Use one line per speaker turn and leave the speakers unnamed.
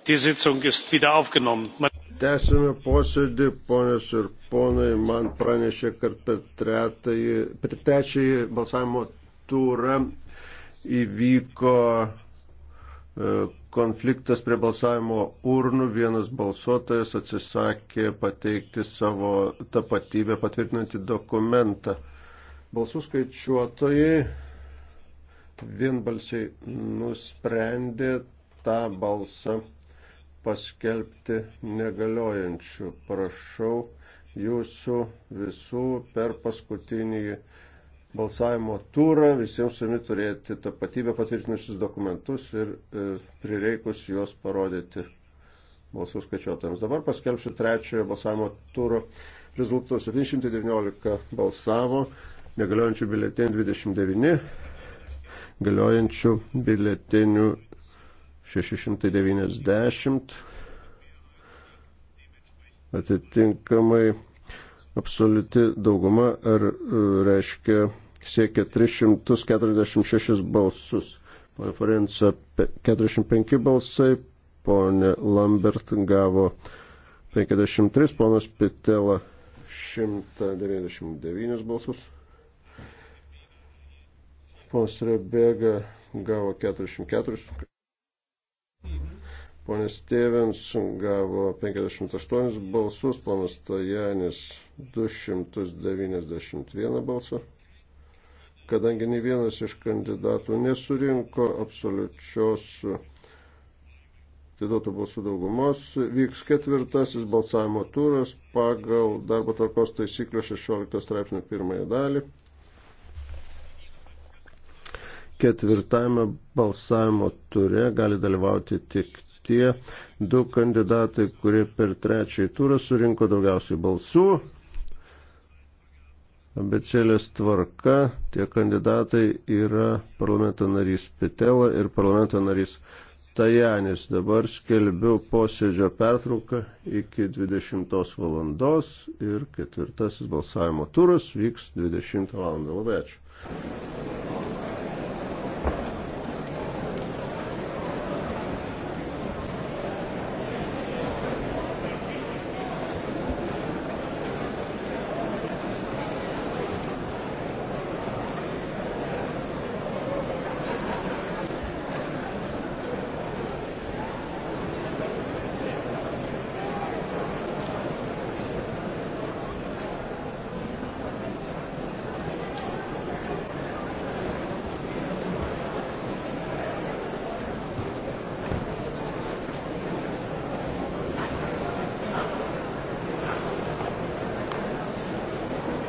Tęsime posėdį, ponios ir ponai, man pranešė, kad per, tretai, per trečiąjį balsavimo turą įvyko e, konfliktas prie balsavimo urnų. Vienas balsuotojas atsisakė pateikti savo tapatybę patvirtinantį dokumentą. Balsų skaičiuotojai vienbalsiai nusprendė tą balsą paskelbti negaliojančių. Prašau jūsų visų per paskutinį balsavimo turą visiems su jumi turėti tapatybę patvirtinusius dokumentus ir e, prireikus juos parodyti balsų skaičiuotojams. Dabar paskelbsiu trečiojo balsavimo turo rezultatus. 719 balsavo, negaliojančių biletinių 29, galiojančių biletinių 690 atitinkamai absoliuti dauguma ar e, reiškia siekia 346 balsus. Pane Forenca 45 balsai, ponė Lambert gavo 53, ponas Pitela 199 balsus. Ponas Rebega gavo 44. Ponas Stevens gavo 58 balsus, ponas Tajanis 291 balsą. Kadangi nei vienas iš kandidatų nesurinko absoliučios atiduotų balsų daugumos, vyks ketvirtasis balsavimo turas pagal darbo tvarkos taisyklių 16 straipsnio pirmąją dalį. Ketvirtame balsavimo ture gali dalyvauti tik tie du kandidatai, kurie per trečiąjį turą surinko daugiausiai balsų. Abecėlės tvarka, tie kandidatai yra parlamento narys Pitela ir parlamento narys Tajanis. Dabar skelbiu posėdžio pertrauką iki 20 valandos ir ketvirtasis balsavimo turas vyks 20 valandą. Labai ačiū.